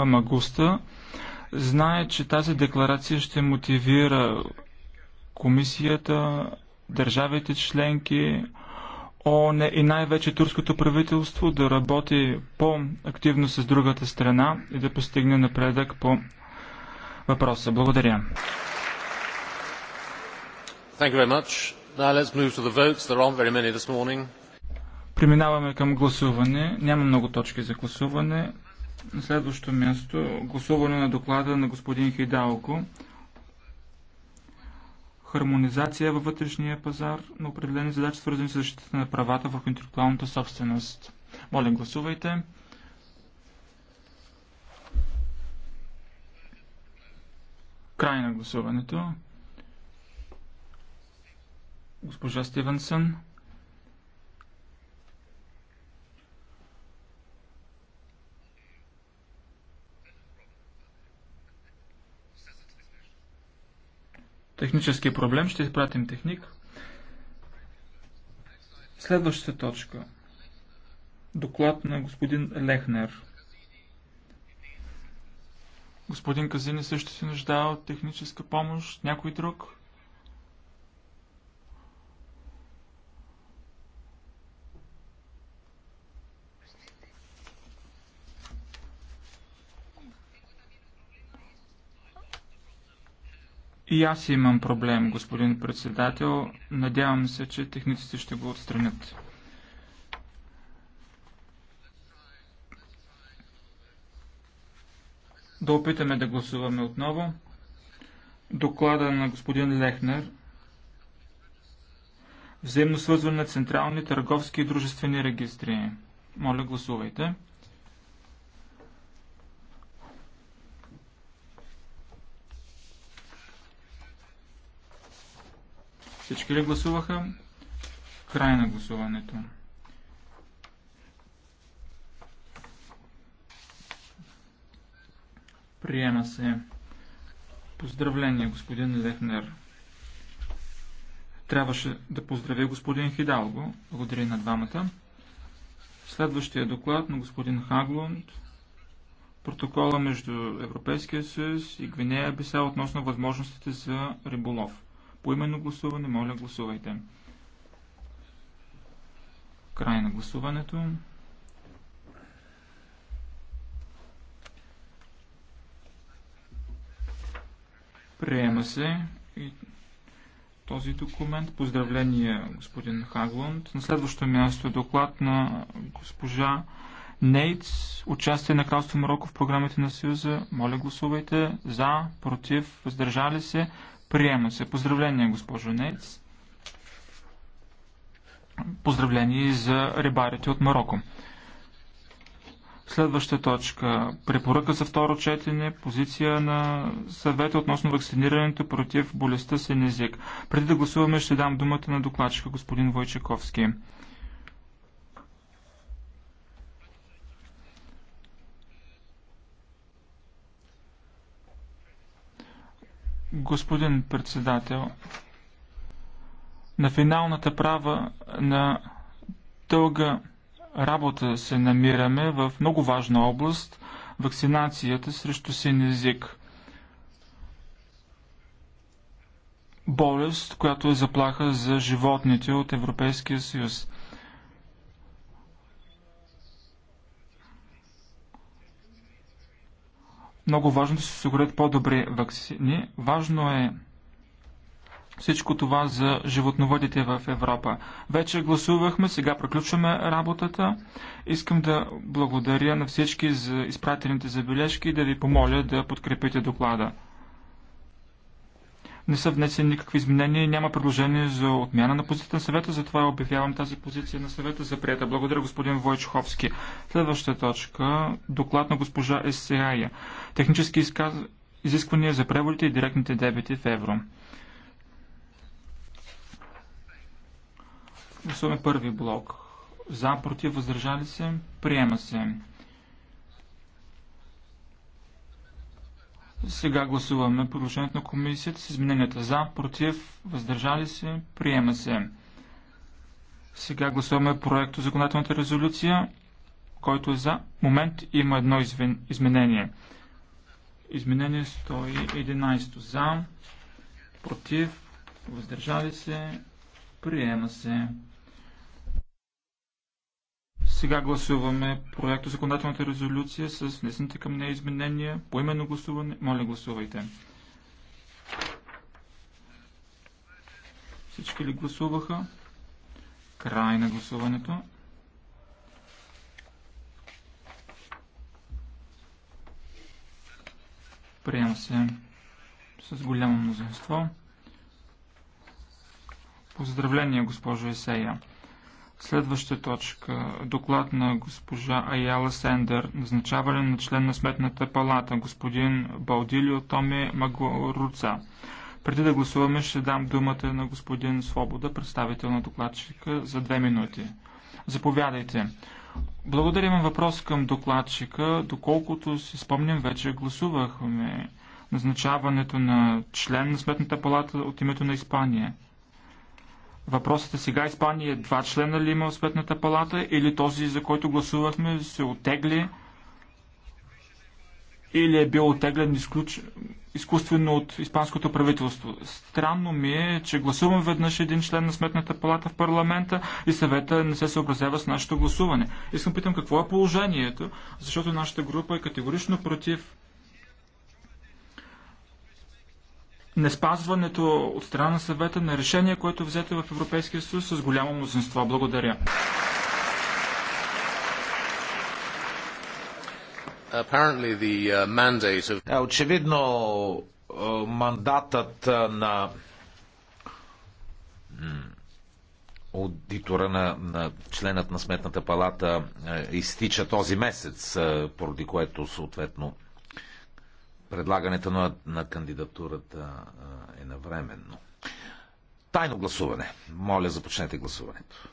Фамагуста. Знае, че тази декларация ще мотивира комисията, държавите членки, ООН и най-вече турското правителство да работи по-активно с другата страна и да постигне напредък по въпроса. Благодаря. Преминаваме към гласуване. Няма много точки за гласуване. На следващо място, гласуване на доклада на господин Хидалко. Хармонизация във вътрешния пазар на определени задачи, свързани с защитата на правата върху интелектуалната собственост. Моля, гласувайте. Край на гласуването. Госпожа Стивенсън. технически проблем. Ще изпратим техник. Следващата точка. Доклад на господин Лехнер. Господин Казини също се нуждае от техническа помощ. Някой друг? И аз имам проблем, господин председател. Надявам се, че техниците ще го отстранят. Да опитаме да гласуваме отново. Доклада на господин Лехнер. Взаимно свързване на централни търговски и дружествени регистри. Моля, гласувайте. Всички ли гласуваха? Край на гласуването. Приема се. Поздравление, господин Лехнер. Трябваше да поздравя господин Хидалго. Благодаря на двамата. Следващия доклад на господин Хаглунд. Протокола между Европейския съюз и Гвинея Биса относно възможностите за риболов поименно гласуване, моля гласувайте. Край на гласуването. Приема се и този документ. Поздравления, господин Хагланд. На следващо място е доклад на госпожа Нейтс. Участие на Кралство Марокко в програмите на Съюза. Моля, гласувайте за, против, въздържали се. Приема се. Поздравление, госпожо Нейц. Поздравление за рибарите от Марокко. Следваща точка. Препоръка за второ четене. Позиция на съвета относно вакцинирането против болестта син език. Преди да гласуваме, ще дам думата на докладчика господин Войчаковски. Господин председател, на финалната права на дълга работа се намираме в много важна област – вакцинацията срещу син език. Болест, която е заплаха за животните от Европейския съюз. Много важно да се осигурят по-добри вакцини. Важно е всичко това за животновъдите в Европа. Вече гласувахме, сега приключваме работата. Искам да благодаря на всички за изпратените забележки и да ви помоля да подкрепите доклада не са внесени никакви изменения, няма предложение за отмяна на позицията на съвета, затова обявявам тази позиция на съвета за прията. Благодаря господин Войчховски. Следваща точка, доклад на госпожа Есеая. Технически изказ... изисквания за преводите и директните дебити в евро. Гласуваме първи блок. За, против, въздържали се, приема се. Сега гласуваме предложението на комисията с измененията за, против, въздържали се, приема се. Сега гласуваме проекто законодателната резолюция, който е за. Момент има едно извин... изменение. Изменение 111 за, против, въздържали се, приема се. Сега гласуваме за законодателната резолюция с внесените към нея изменения. По именно гласуване. Моля, гласувайте. Всички ли гласуваха? Край на гласуването. Приема се с голямо мнозинство. Поздравление, госпожо Есея. Следваща точка. Доклад на госпожа Аяла Сендер. Назначаване на член на Сметната палата. Господин Балдилио Томи Магоруца. Преди да гласуваме, ще дам думата на господин Свобода, представител на докладчика, за две минути. Заповядайте. Благодаря имам въпрос към докладчика. Доколкото си спомням, вече гласувахме назначаването на член на Сметната палата от името на Испания. Въпросът е сега Испания два члена ли има в Сметната палата или този, за който гласувахме, се отегли или е бил отеглен изключ... изкуствено от испанското правителство. Странно ми е, че гласувам веднъж един член на Сметната палата в парламента и съвета не се съобразява с нашето гласуване. Искам питам какво е положението, защото нашата група е категорично против неспазването от страна на съвета на решение, което е взето в Европейския съюз с голямо мнозинство. Благодаря. Uh, очевидно е, мандатът е, на аудитора на, на членът на Сметната палата е, изтича този месец, поради което съответно предлагането на, на кандидатурата е навременно. Тайно гласуване. Моля, започнете гласуването.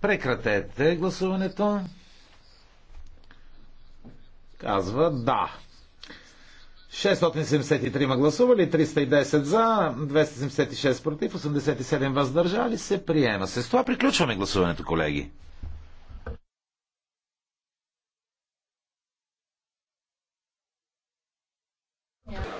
Прекратете гласуването. Казва да. 673 гласували, 310 за, 276 против, 87 въздържали се. Приема се. С това приключваме гласуването, колеги. Yeah.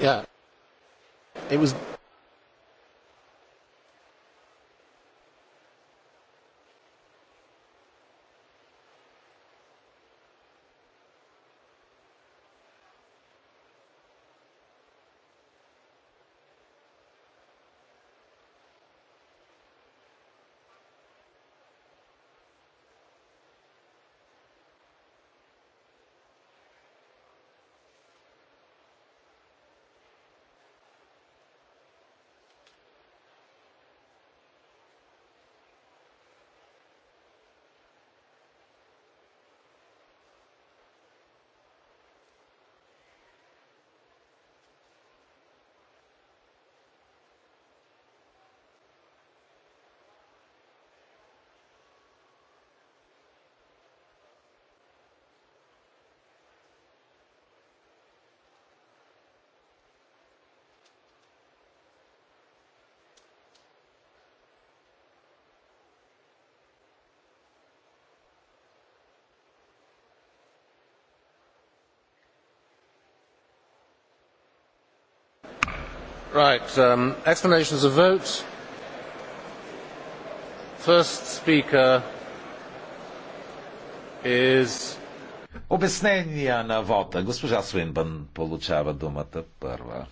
Yeah. It was Right. Um, explanations of vote. First speaker is... Обяснения на вота. Госпожа Свинбън получава думата първа.